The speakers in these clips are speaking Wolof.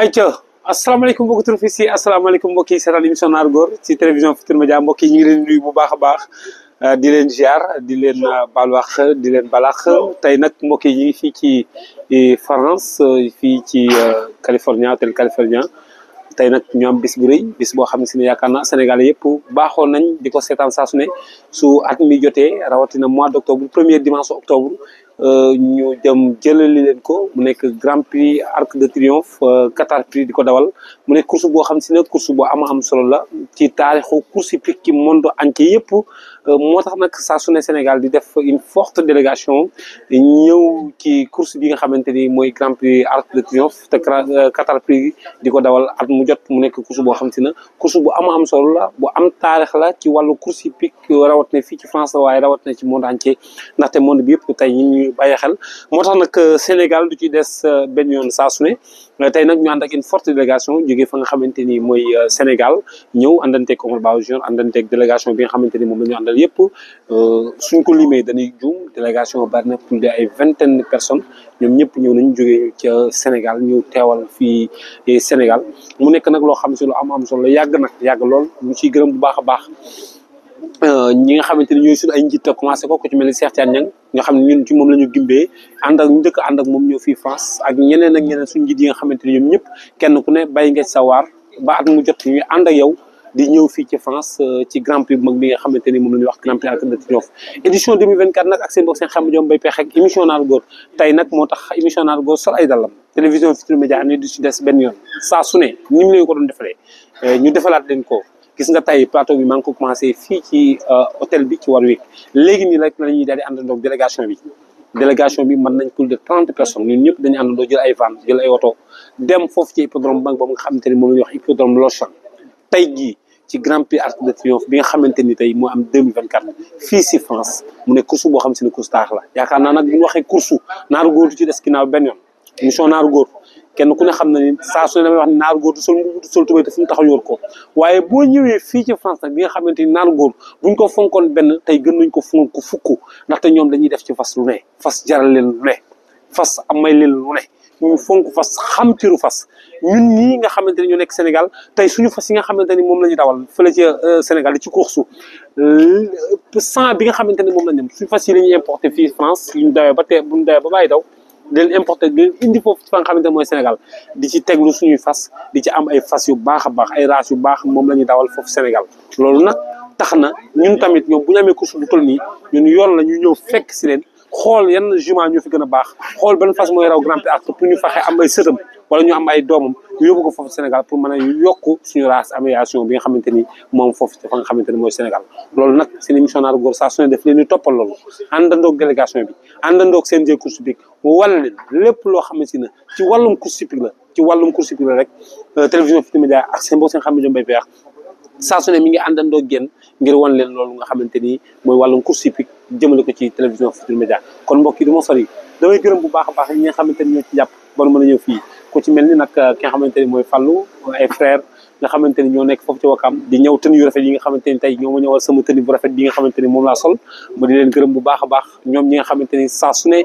ayca asalaamaaleykum mbokki tur fi mbokki seetaan émission naar góor ci télévision Futurs Médias mbokk yi ñu ngi leen nuyu bu baax a baax euh, di leen ziar di leen euh, balwax di leen balax tey nag mbokk yi ñu fii ci France euh, fii ci California hôtel California tey nag ñu am bis bu rëy bis boo xam ne si ne yaakaar naa Sénégalais yëpp baaxo nañ di ko seetaan saa su su at mi jote rawatina mois d' octobre premier dimanche octobre Euh, ñu dem jëlali len ko mu nek Grand Prix Arc de Triomphe euh, Qatar Prix diko dawal mu nek course bo xamni si ne course bo ama am solo la ci taarixu course hippique ci monde entier yëpp euh, motax nak sa suné Sénégal di def une forte délégation ñew ci course bi nga xamanteni moy Grand Prix Arc de Triomphe te Qatar Prix diko dawal at mu jot mu nek course bo xamni ne course bo ama am solo la bu am taarix la ci walu course hippique rawat na fi ci France way rawat na ci monde entier te monde bi yëpp tay ñu ñuy bàyyi xel moo tax nag euh, Sénégal du ci des euh, benn yoon saa su ne euh, tey nag ñu ànd ak in forte délégation jógee fa nga xamante ni mooy Sénégal ñëw àndanteeg Omar Ba Junior àndanteeg délégation bi nga xamante ni moom la ñu àndal yëpp suñ ko limee dañuy juum délégation bari na plus ay vingtaine de personnes ñoom ñëpp ñëw nañu jógee ca Sénégal ñu teewal fii Sénégal mu nekk nag loo xam si lu am am solo yàgg na yàgg lool ñu ciy gërëm bu baax a baax. Euh, ñi nga xamante ni ñooy suñu ay njiit a commencé ko ku ci mel ni Cheikh Tidiane nga xam ñun ci moom la ñu gimbee ànd ak ñu dëkk ànd ak moom ñëw fii France ak ñeneen ak ñeneen nga xamante ni ñoom ñëpp kenn ku ne bàyyi nga sa waar ba mu jot ñuy ànd ñëw fii ci France euh, ci Grand Prix bi nga xamante ni moom la ñuy wax Grand Prix Arc de Triomphe édition 2024 nag ak seen bokk seen xam joom bay pexe ak émission Naaru Góor tey nag moo tax émission Naaru Góor sol ay dallam télévision Futurs Médias ni du ci des benn yoon saa su ne ko doon defalee euh, ñu defalaat leen ko gis nga tey plateau bi maa ngi ko commencé fii ci euh, hôtel bi ci Warwick léegi nii rek la ñuy daal di àndandoo délégation bi délégation bi mën nañ plus de trente personnes ñun ñëpp dañu àndandoo jël ay van jël ay oto dem foofu ci hippodrome banque ba nga xamante ni moom la ñuy wax hippodrome Longchamp tey jii ci Grand Prix Arc de Triomphe bi nga xamante ni tey moo am 2024 fii si France mu ne course boo xam si ne course taax la yaakaar naa nag bu ñu waxee course naaru góor du ci des ginnaaw benn yoon mission naaru góor kenn ku ne xam ni saa su wax du sol du sol te France nag bi nga xamante ni naar buñ ko fonkoon fonk fukk ndaxte ñoom dañuy def ci fas lu ne fas jaral leen lu ne fas amay leen lu ne ñu fonk fas xam fas ñun nga Sénégal tey suñu fas yi nga xamante euh, Sénégal ci course sang bi nga xamante ni moom France di leen importer leen indi foofu fa nga xamante mooy Sénégal di ci teglu suñuy fas di ci am ay fas yu baax a baax ay race yu baax moom la ñuy dawal foofu Sénégal loolu nag tax na ñun tamit ñoom bu ñu amee course bu toll ñu ñun yoon la ñu ñëw fekk si leen xool yan jument ñoo fi gën a baax xool benn fas mooy raw Grand Prix ak pour ñu fexe am ay sëtam wala ñu am ay doomam ñu yóbbu ko foofu Sénégal pour man a yokk suñu race amélioration bi nga xamante ni moom foofu fa nga xamante ni mooy Sénégal loolu nag seen émission naaru góor saa su ne def leen ñu toppal loolu àndandoog délégation bi àndandoog seen jël course hippique wala leen lépp loo xamante ne ci wàllum course hippique la ci wàllum course hippique la rek euh, télévision Futurs Médias ak seen bopp seen mi ngi àndandoo génn ngir wan leen loolu nga xamante ni mooy wàllum course hippique jëmale ko ci télévision Futurs Médias kon mbokk yi du ma sori damay gërëm bu baax a baax ñi nga xamante ni ñoo ci jàpp ba mën ñëw fii ku ci mel ni nag euh, ki nga xamante ni mooy Fallou ay frère nga xamante ni ñoo nekk foofu ci Wakaam di ñëw tenue yu rafet yi nga xamante ni tey ñoo ma sama tenue bu rafet bi nga xamante ni moom laa sol ma di leen gërëm bu baax a baax ñoom nga xamante ni saa su ne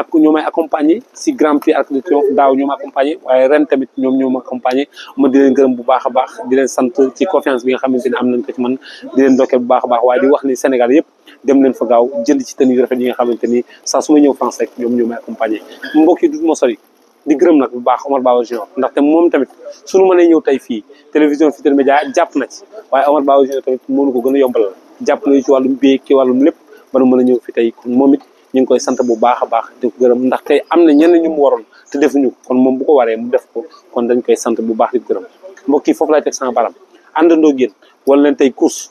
ak ñoo may accompagner si Grand Prix Arc de Triomphe ma accompagner ren tamit ñoom ñoo ma accompagner ma di leen gërëm bu baax a baax di leen sant ci confiance bi nga xamante ni am nañ ko ci man di leen dokkee bu baax a baax waaye di wax ni Sénégal yëpp dem leen fa gaaw jënd ci tenue yu rafet yi nga xamante ni saa su ñëw France rek ñoom ñoo may accompagner mbokk yi du ma sori di gërëm nag bu baax Omar Baba Junior ndaxte moom tamit suñu mënee ñëw tey fii télévision Futurs Médias jàpp na ci waaye Omar Baba Junior tamit mënu ko gën a yombal jàpp nañu ci wàllum béy ki wàllum lépp ba nu mën a ñëw fi tey kon moom it ñu ngi koy sant bu baax a baax di ko gërëm ndaxte am na ñenn ñu mu waroon te defuñu ko kon moom bu ko waree mu def ko kon dañ koy sant bu baax di ko gërëm mbokk yi foofu laay teg sama baram àndandoo génn wala leen tey course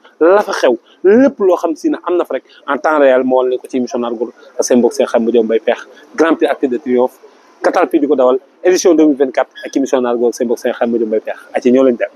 la fa xew lépp loo xam si ne na fa rek en temps réel moo leen ko ci émission Naar Goor ak seen bay grand prix acte de Triomphe catalpie Prix di dawal édition 2024 ak émission Naar Goor seen mbokk seen xam bu jëm bay ñoo dem